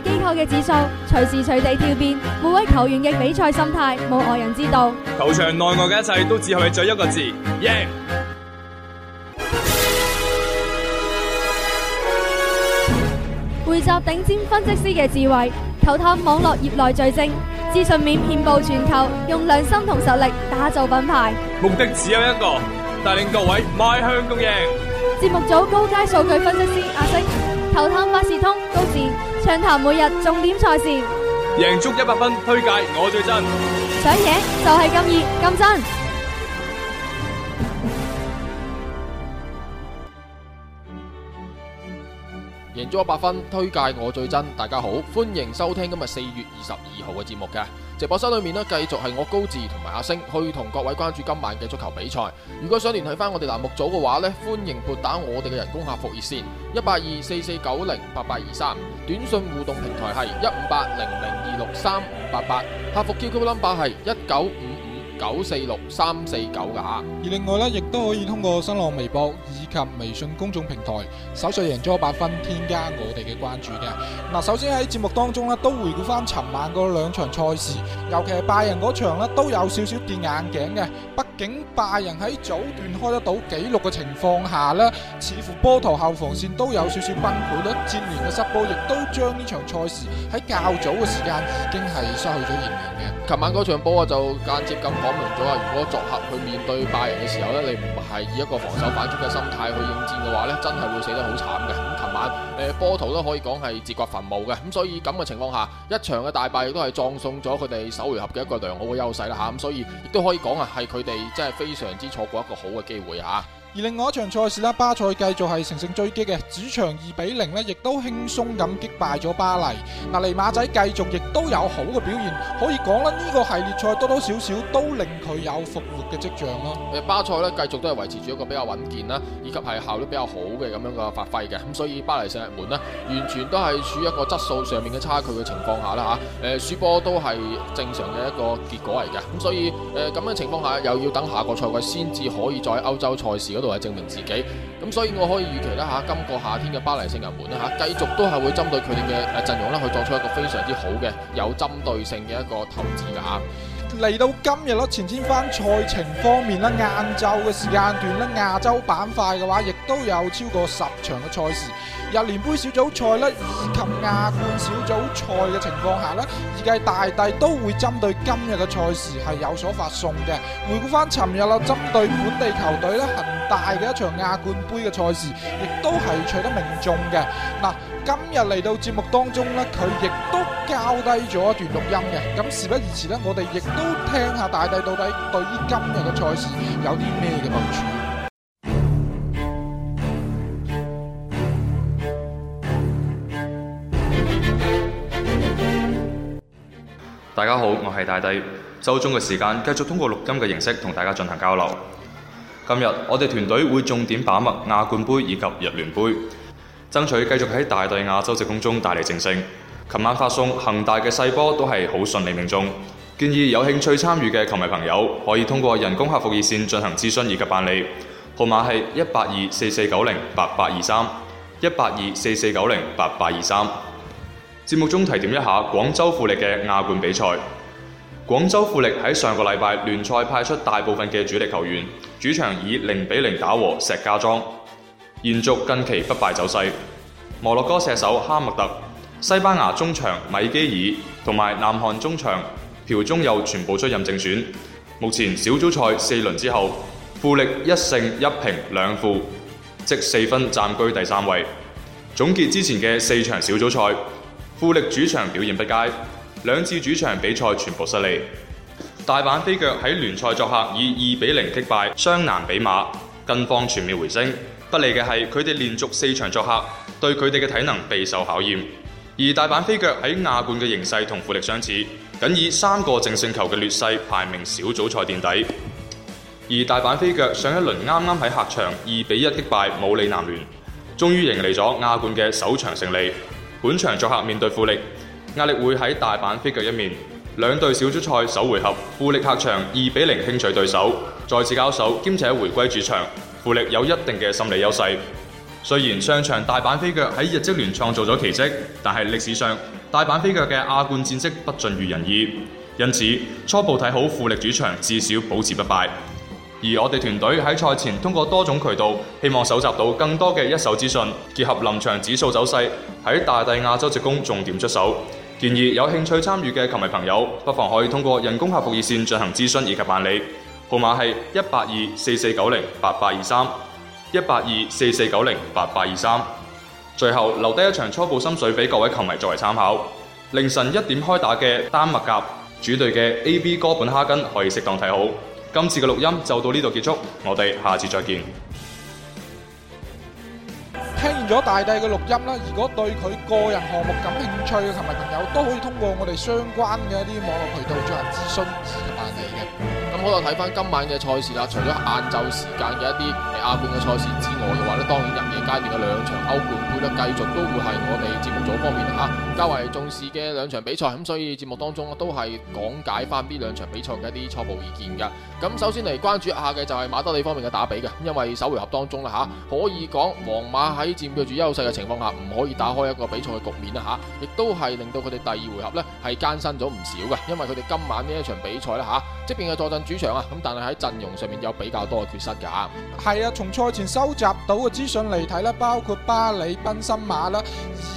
機構嘅指數隨時隨地跳變，每位球員嘅比賽心態冇外人知道。球場內外嘅一切都只可以最一個字：贏。匯集頂尖分析師嘅智慧，球探網絡業內最精，資訊面遍布全球，用良心同實力打造品牌。目的只有一個，帶領各位邁向共贏。節目組高階數據分析師阿星，球探百事通高志暢談每日重點賽事，贏足一百分推介，我最真，想贏就係咁易咁真。咗八分，推介我最真。大家好，歡迎收聽今日四月二十二號嘅節目嘅直播室裏面呢，繼續係我高志同埋阿星去同各位關注今晚嘅足球比賽。如果想聯繫翻我哋欄目組嘅話呢，歡迎撥打我哋嘅人工客服熱線一八二四四九零八八二三，短信互動平台係一五八零零二六三五八八，客服 QQ number 係一九五。九四六三四九噶，而另外咧，亦都可以通過新浪微博以及微信公眾平台搜索贏足 100FUN，添加我哋嘅關注嘅。嗱，首先喺節目當中咧，都回顧翻尋晚嗰兩場賽事，尤其係拜仁嗰場咧，都有少少跌眼鏡嘅。畢竟拜仁喺早段開得到紀錄嘅情況下咧，似乎波圖後防線都有少少崩潰啦，接連嘅失波亦都將呢場賽事喺較早嘅時間已經係失去咗懸念嘅。尋晚嗰場波啊，就間接咁講。講明咗啊！如果作客去面對拜仁嘅時候呢，你唔係以一個防守反擊嘅心態去應戰嘅話呢，真係會死得好慘嘅。咁琴晚誒、呃、波圖都可以講係自掘墳墓嘅，咁所以咁嘅情況下，一場嘅大敗亦都係葬送咗佢哋首回合嘅一個良好嘅優勢啦。吓咁，所以亦都可以講啊，係佢哋真係非常之錯過一個好嘅機會啊！而另外一場賽事咧，巴塞繼續係乘勝追擊嘅，主場二比零咧，亦都輕鬆咁擊敗咗巴黎。嗱，尼馬仔繼續亦都有好嘅表現，可以講啦，呢個系列賽多多少少都令佢有復活嘅跡象咯。誒，巴塞咧繼續都係維持住一個比較穩健啦，以及係效率比較好嘅咁樣嘅發揮嘅。咁所以巴黎聖日門咧，完全都係處於一個質素上面嘅差距嘅情況下啦吓。誒，輸波都係正常嘅一個結果嚟嘅。咁所以誒咁嘅情況下，又要等下個賽季先至可以再歐洲賽事。都係證明自己，咁所以我可以預期啦吓、啊，今個夏天嘅巴黎聖日門啦吓，繼續都係會針對佢哋嘅誒陣容啦、啊，去作出一個非常之好嘅有針對性嘅一個投資啦吓。啊嚟到今日咯，前天翻賽程方面咧，晏晝嘅時間段咧，亞洲板塊嘅話，亦都有超過十場嘅賽事，日聯杯小組賽咧以及亞冠小組賽嘅情況下咧，預計大帝都會針對今日嘅賽事係有所發送嘅。回顧翻尋日啦，針對本地球隊咧，恒大嘅一場亞冠杯嘅賽事，亦都係取得命中嘅。嗱，今日嚟到節目當中咧，佢亦都交低咗一段錄音嘅，咁事不宜遲咧，我哋亦都聽下大帝到底對於今日嘅賽事有啲咩嘅部署。大家好，我係大帝，周中嘅時間繼續通過錄音嘅形式同大家進行交流。今日我哋團隊會重點把握亞冠盃以及日聯盃，爭取繼續喺大帝亞洲直攻中帶嚟正勝。琴晚發送恒大嘅細波都係好順利命中，建議有興趣參與嘅球迷朋友，可以通過人工客服熱線進行諮詢以及辦理，號碼係一八二四四九零八八二三一八二四四九零八八二三。節目中提點一下廣州富力嘅亞冠比賽，廣州富力喺上個禮拜聯賽派出大部分嘅主力球員，主場以零比零打和石家莊，延續近期不敗走勢。摩洛哥射手哈默特，西班牙中場米基爾同埋南韓中場朴中佑全部出任正選。目前小組賽四輪之後，富力一勝一平兩負，積四分，暫居第三位。總結之前嘅四場小組賽，富力主場表現不佳，兩次主場比賽全部失利。大阪飛腳喺聯賽作客以二比零擊敗湘南比馬，近況全面回升。不利嘅係佢哋連續四場作客，對佢哋嘅體能備受考驗。而大阪飛腳喺亞冠嘅形勢同富力相似，僅以三個淨勝球嘅劣勢排名小組賽墊底。而大阪飛腳上一輪啱啱喺客場二比一擊敗武里南聯，終於迎嚟咗亞冠嘅首場勝利。本場作客面對富力，壓力會喺大阪飛腳一面。兩隊小組賽首回合富力客場二比零輕取對手，再次交手兼且回歸主場，富力有一定嘅心理優勢。雖然上場大阪飛腳喺日職聯創造咗奇蹟，但係歷史上大阪飛腳嘅亞冠戰績不盡如人意，因此初步睇好富力主場至少保持不敗。而我哋團隊喺賽前通過多種渠道，希望搜集到更多嘅一手資訊，結合臨場指數走勢，喺大帝亞洲直攻重點出手。建議有興趣參與嘅球迷朋友，不妨可以通過人工客服熱線進行諮詢以及辦理，號碼係一八二四四九零八八二三。一八二四四九零八八二三，最後留低一場初步心水俾各位球迷作為參考。凌晨一點開打嘅丹麥甲主隊嘅 A B 哥本哈根，可以適當睇好。今次嘅錄音就到呢度結束，我哋下次再見。聽完咗大帝嘅錄音啦，如果對佢個人項目感興趣嘅球迷朋友，都可以通過我哋相關嘅一啲網絡渠道進行諮詢。我睇翻今晚嘅賽事啦，除咗晏晝時間嘅一啲亞冠嘅賽事之外嘅話咧，當然入夜階段嘅兩場歐冠。繼續都會係我哋節目組方面吓較為重視嘅兩場比賽，咁所以節目當中都係講解翻呢兩場比賽嘅一啲初步意見嘅。咁首先嚟關注一下嘅就係馬德里方面嘅打比嘅，因為首回合當中啦吓，可以講皇馬喺佔據住優勢嘅情況下唔可以打開一個比賽嘅局面啦吓，亦都係令到佢哋第二回合呢係艱辛咗唔少嘅，因為佢哋今晚呢一場比賽啦吓，即便係坐鎮主場啊，咁但係喺陣容上面有比較多嘅缺失噶。係啊，從賽前收集到嘅資訊嚟睇咧，包括巴里更新馬啦，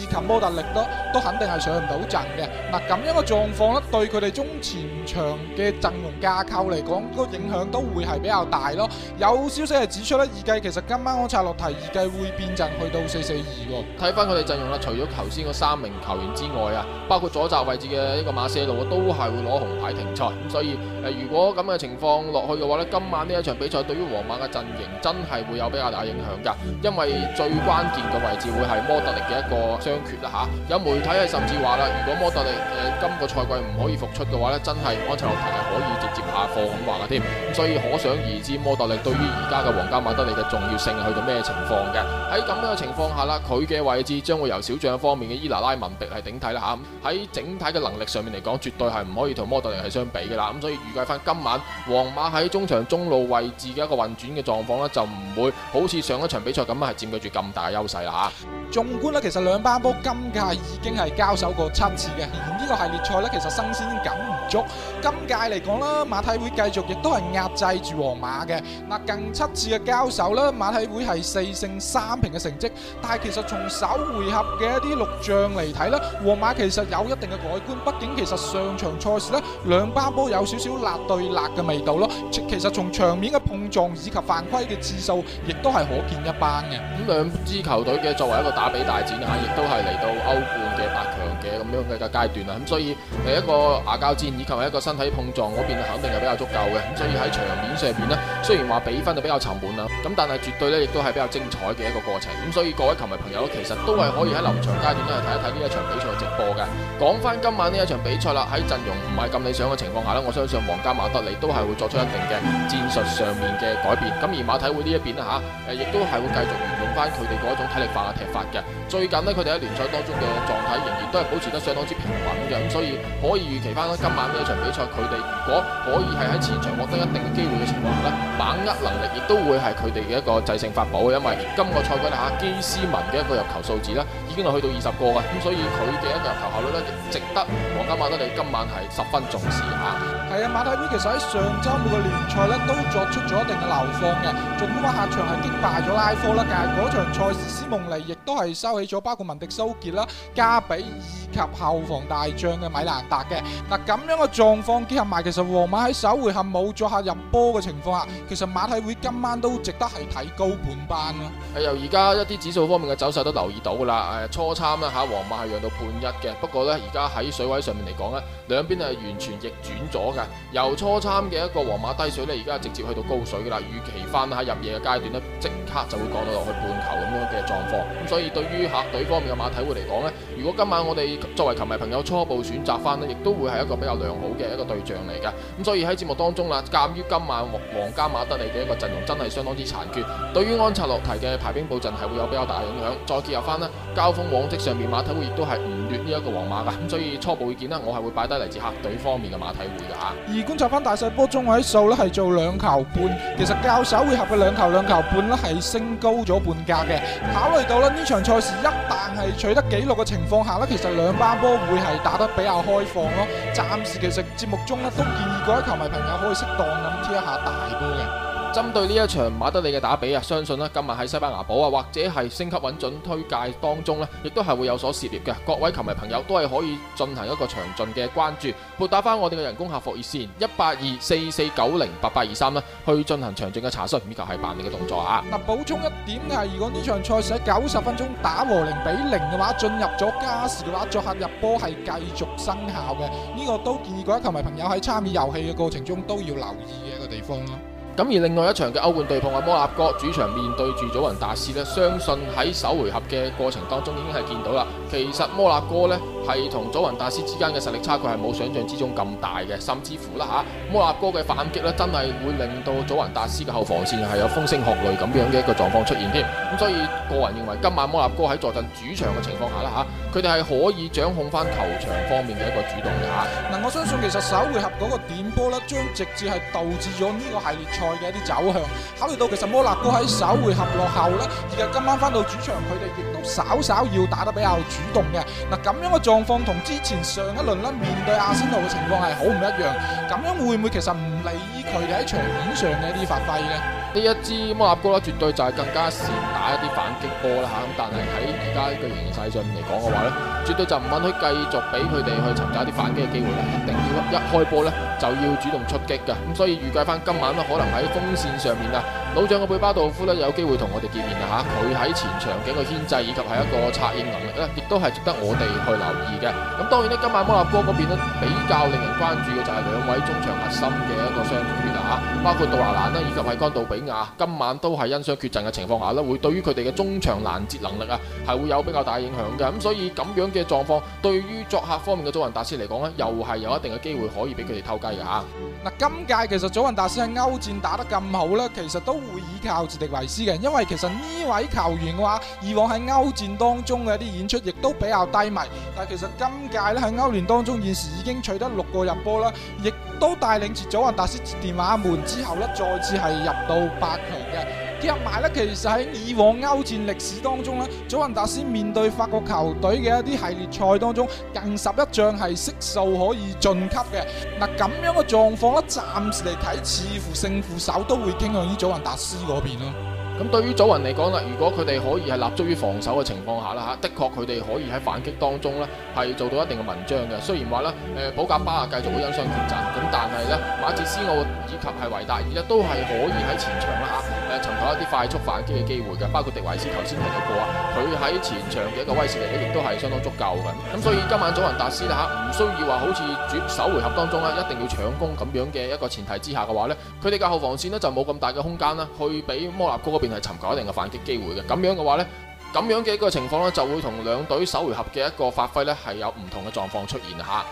以及摩特力咯，都肯定係上唔到陣嘅。嗱咁樣嘅狀況咧，對佢哋中前場嘅陣容架構嚟講，個影響都會係比較大咯。有消息係指出咧，預計其實今晚安察洛提，預計會變陣去到四四二。睇翻佢哋陣容啦，除咗頭先三名球員之外啊，包括左閘位置嘅呢個馬塞路啊，都係會攞紅牌停賽。咁所以誒、呃，如果咁嘅情況落去嘅話咧，今晚呢一場比賽對於皇馬嘅陣營真係會有比較大影響噶，因為最關鍵嘅位置會。係摩特力嘅一個傷缺啦吓、啊，有媒體係甚至話啦，如果摩特力誒今、呃這個賽季唔可以復出嘅話咧，真係安切洛蒂係可以直接。下課咁話啦，添，所以可想而知摩德力，對於而家嘅皇家馬德里嘅重要性係去到咩情況嘅？喺咁嘅情況下啦，佢嘅位置將會由小將方面嘅伊拉拉文迪係頂替啦吓，喺整體嘅能力上面嚟講，絕對係唔可以同摩德力係相比嘅啦。咁所以預計翻，今晚皇馬喺中場中路位置嘅一個運轉嘅狀況呢，就唔會好似上一場比賽咁樣，係佔據住咁大優勢啦吓。縱觀呢，其實兩班波今屆已經係交手過七次嘅，而呢個系列賽呢，其實新鮮感。足今屆嚟講啦，馬體會繼續亦都係壓制住皇馬嘅。嗱，近七次嘅交手啦，馬體會係四勝三平嘅成績。但係其實從首回合嘅一啲錄像嚟睇啦，皇馬其實有一定嘅改觀。畢竟其實上場賽事咧，兩班波有少少辣對辣嘅味道咯。其實從場面嘅碰撞以及犯規嘅次數，亦都係可見一斑嘅。咁兩支球隊嘅作為一個打比大戰啊，亦都係嚟到歐冠嘅八強。嘅咁樣嘅階段啦，咁所以誒一個牙膠戰以及係一個身體碰撞嗰邊，肯定係比較足夠嘅。咁所以喺場面上邊呢，雖然話比分就比較沉悶啦，咁但係絕對呢亦都係比較精彩嘅一個過程。咁所以各位球迷朋友其實都係可以喺臨場階段咧，係睇一睇呢一場比賽嘅直播嘅。講翻今晚呢一場比賽啦，喺陣容唔係咁理想嘅情況下呢，我相信皇家馬德里都係會作出一定嘅戰術上面嘅改變。咁而馬體會呢一邊呢，嚇、啊，亦都係會繼續。翻佢哋嗰一種體力化嘅踢法嘅，最近呢，佢哋喺聯賽當中嘅狀態仍然都係保持得相當之平穩嘅，咁所以可以預期翻今晚呢一場比賽，佢哋如果可以係喺前場獲得一定嘅機會嘅情況下，把握能力亦都會係佢哋嘅一個制勝法寶嘅，因為今個賽季睇下基斯文嘅一個入球數字啦。已經去到二十個嘅，咁所以佢嘅一個入球效率咧，值得皇家馬德里今晚係十分重視吓，係啊，馬泰爾其實喺上周每個聯賽咧都作出咗一定嘅流放嘅，儘管客場係擊敗咗拉科啦，但係場賽事斯夢利。都係收起咗，包括文迪蘇杰啦、加比以及後防大將嘅米蘭達嘅。嗱、啊、咁樣嘅狀況結合埋，其實皇馬喺首回合冇作客入波嘅情況下，其實馬體會今晚都值得係睇高半班咯。係由而家一啲指數方面嘅走勢都留意到噶啦，係初參啦吓，皇馬係讓到半一嘅。不過呢，而家喺水位上面嚟講咧，兩邊係完全逆轉咗嘅。由初參嘅一個皇馬低水呢，而家直接去到高水噶啦。預期翻喺入夜嘅階段呢，即刻就會降到落去半球咁樣嘅狀況。所以對於客隊方面嘅馬體會嚟講呢，如果今晚我哋作為球迷朋友初步選擇翻呢，亦都會係一個比較良好嘅一個對象嚟㗎。咁所以喺節目當中啦，鑑於今晚皇家馬德里嘅一個陣容真係相當之殘缺，對於安察洛提嘅排兵布陣係會有比較大嘅影響。再結合翻呢交鋒往績上面，馬體會亦都係唔劣呢一個皇馬嘅皇馬㗎。咁所以初步意見呢，我係會擺低嚟自客隊方面嘅馬體會㗎吓。而觀察翻大細波中位數呢係做兩球半，其實較手會合嘅兩球兩球半呢係升高咗半格嘅，考慮到呢。場賽事一旦係取得紀錄嘅情況下呢，其實兩班波會係打得比較開放咯。暫時其實節目中呢，都建議各位球迷朋友可以適當咁貼一下大波嘅。針對呢一場馬德里嘅打比啊，相信呢今日喺西班牙堡啊，或者係升級穩準推介當中亦都係會有所涉獵嘅。各位球迷朋友都係可以進行一個詳盡嘅關注，撥打翻我哋嘅人工客服熱線一八二四四九零八八二三啦，23，去進行詳盡嘅查詢，呢、呢個係辦理嘅動作啊。嗱，補充一點嘅係，如果呢場賽事喺九十分鐘打和零比零嘅話，進入咗加時嘅話，作客入波係繼續生效嘅。呢、呢個都建議各位球迷朋友喺參與遊戲嘅過程中都要留意嘅一個地方咯。咁而另外一場嘅歐冠對碰啊，摩納哥主場面對住祖雲達斯咧，相信喺首回合嘅過程當中已經係見到啦。其實摩納哥呢，係同祖雲達斯之間嘅實力差距係冇想象之中咁大嘅，甚至乎啦吓，啊，摩納哥嘅反擊咧，真係會令到祖雲達斯嘅後防線係有風聲鶴唳咁樣嘅一個狀況出現添。咁，啊，所以個人認為今晚摩納哥喺坐鎮主場嘅情況下啦吓，佢哋係可以掌控翻球場方面嘅一個主動嘅吓。嗱，啊，我相信其實首回合嗰個點波咧，將直接係導致咗呢個系列賽嘅一啲走向。考慮到其實摩納哥喺首回合落後咧，而家今晚翻到主場佢哋。亦……稍稍要打得比較主動嘅，嗱咁樣嘅狀況同之前上一輪啦，面對阿仙奴嘅情況係好唔一樣，咁樣會唔會其實唔理佢哋喺場面上嘅一啲發揮呢？呢一支摩納哥啦，絕對就係更加善打一啲反擊波啦嚇，咁但係喺而家嘅形勢上面嚟講嘅話咧，絕對就唔允許繼續俾佢哋去尋找一啲反擊嘅機會啦，一定要一開波呢，就要主動出擊嘅，咁所以預計翻今晚咧，可能喺風扇上面啊。老將嘅貝巴道夫呢，有機會同我哋見面啦嚇，佢喺前場嘅牽制以及係一個策應能力呢，亦都係值得我哋去留意嘅。咁當然呢，今晚摩納哥嗰邊咧比較令人關注嘅就係兩位中場核心嘅一個傷缺啦嚇，包括杜華蘭啦以及係干道比亞，今晚都係因傷缺陣嘅情況下咧，會對於佢哋嘅中場攔截能力啊係會有比較大影響嘅。咁所以咁樣嘅狀況，對於作客方面嘅祖雲達斯嚟講呢，又係有一定嘅機會可以俾佢哋偷雞嘅嚇。嗱，今屆其實祖雲達斯喺歐戰打得咁好呢，其實都。都會依靠自迪維斯嘅，因為其實呢位球員嘅話，以往喺歐戰當中嘅一啲演出亦都比較低迷，但係其實今屆咧，喺歐聯當中現時已經取得六個入波啦，亦都帶領住祖雲達斯電話門之後咧，再次係入到八強嘅。入埋咧，其實喺以往歐戰歷史當中咧，祖雲達斯面對法國球隊嘅一啲系列賽當中，近十一仗係悉數可以晉級嘅。嗱，咁樣嘅狀況咧，暫時嚟睇，似乎勝負手都會傾向於祖雲達斯嗰邊咯。咁對於祖雲嚟講啦，如果佢哋可以係立足於防守嘅情況下啦嚇，的確佢哋可以喺反擊當中呢係做到一定嘅文章嘅。雖然話呢，誒保加巴啊繼續會因傷缺陣，咁但係呢馬切斯奧以及係維達爾都係可以喺前場啦嚇，誒尋求一啲快速反擊嘅機會嘅。包括迪維斯頭先提到過啊，佢喺前場嘅一個威懾力呢亦都係相當足夠嘅。咁所以今晚祖雲達斯嚇唔需要話好似主首回合當中咧一定要搶攻咁樣嘅一個前提之下嘅話呢，佢哋嘅後防線呢就冇咁大嘅空間啦，去俾摩納哥定係尋找一定嘅反擊機會嘅咁樣嘅話咧，咁樣嘅一個情況咧，就會同兩隊首回合嘅一個發揮咧係有唔同嘅狀況出現吓。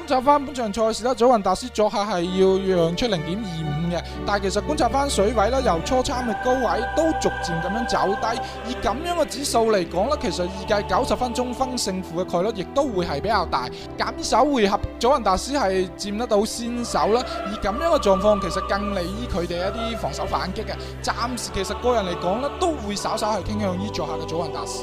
觀察翻本場賽事啦，祖運達斯作客係要讓出零點二五嘅，但係其實觀察翻水位啦，由初參嘅高位都逐漸咁樣走低，以咁樣嘅指數嚟講咧，其實預計九十分鐘分勝負嘅概率亦都會係比較大。緊守回合，祖運達斯係佔得到先手啦，以咁樣嘅狀況，其實更利於佢哋一啲防守反擊嘅。暫時其實個人嚟講咧，都會稍稍係傾向於作客嘅祖運達斯。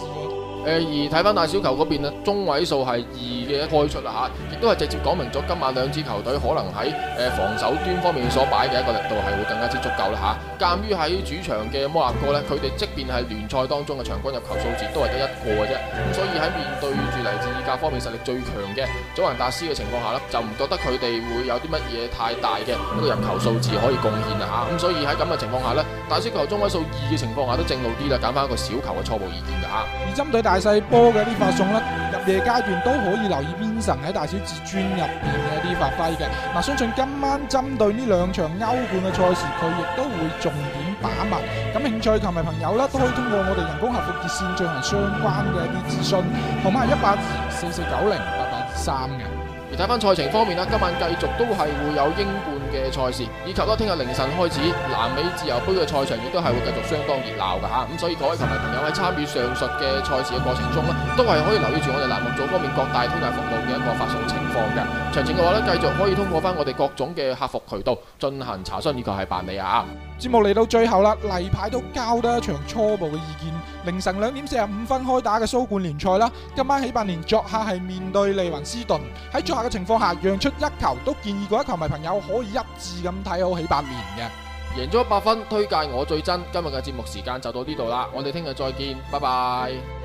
誒而睇翻大小球嗰邊呢，中位數係二嘅一開出啦嚇，亦都係直接講明咗今晚兩支球隊可能喺誒防守端方面所擺嘅一個力度係會更加之足夠啦嚇。鑑於喺主場嘅摩納哥呢，佢哋即便係聯賽當中嘅場均入球數字都係得一個嘅，啫。咁所以喺面對住嚟自意甲方面實力最強嘅祖雲達斯嘅情況下呢，就唔覺得佢哋會有啲乜嘢太大嘅一個入球數字可以貢獻啦嚇。咁所以喺咁嘅情況下呢，大小球中位數二嘅情況下都正路啲啦，揀翻一個小球嘅初步意見嘅嚇。而針對大細波嘅一啲發送啦，入夜階段都可以留意邊神喺大小至尊入邊嘅一啲發揮嘅。嗱，相信今晚針對呢兩場歐冠嘅賽事，佢亦都會重點把脈。咁興趣球迷朋友咧，都可以通過我哋人工客服熱線進行相關嘅一啲諮詢，號碼係一八二四四九零八八二三嘅。而睇翻賽程方面啦，今晚繼續都係會有英冠。嘅賽事，以及咧聽日凌晨開始南美自由杯嘅賽場，亦都係會繼續相當熱鬧嘅吓，咁所以各位球迷朋友喺參與上述嘅賽事嘅過程中咧，都係可以留意住我哋欄目組方面各大推介服務嘅一個發售情況嘅。詳情嘅話咧，繼續可以通過翻我哋各種嘅客服渠道進行查詢以及係辦理啊。節目嚟到最後啦，例牌都交得一場初步嘅意見。凌晨兩點四十五分開打嘅蘇冠聯賽啦，今晚喜百年作客係面對利雲斯頓，喺作客嘅情況下讓出一球，都建議各位球迷朋友可以一致咁睇好喜百年嘅，贏足 100FUN，推介我最真。今日嘅節目時間就到呢度啦，我哋聽日再見，拜拜。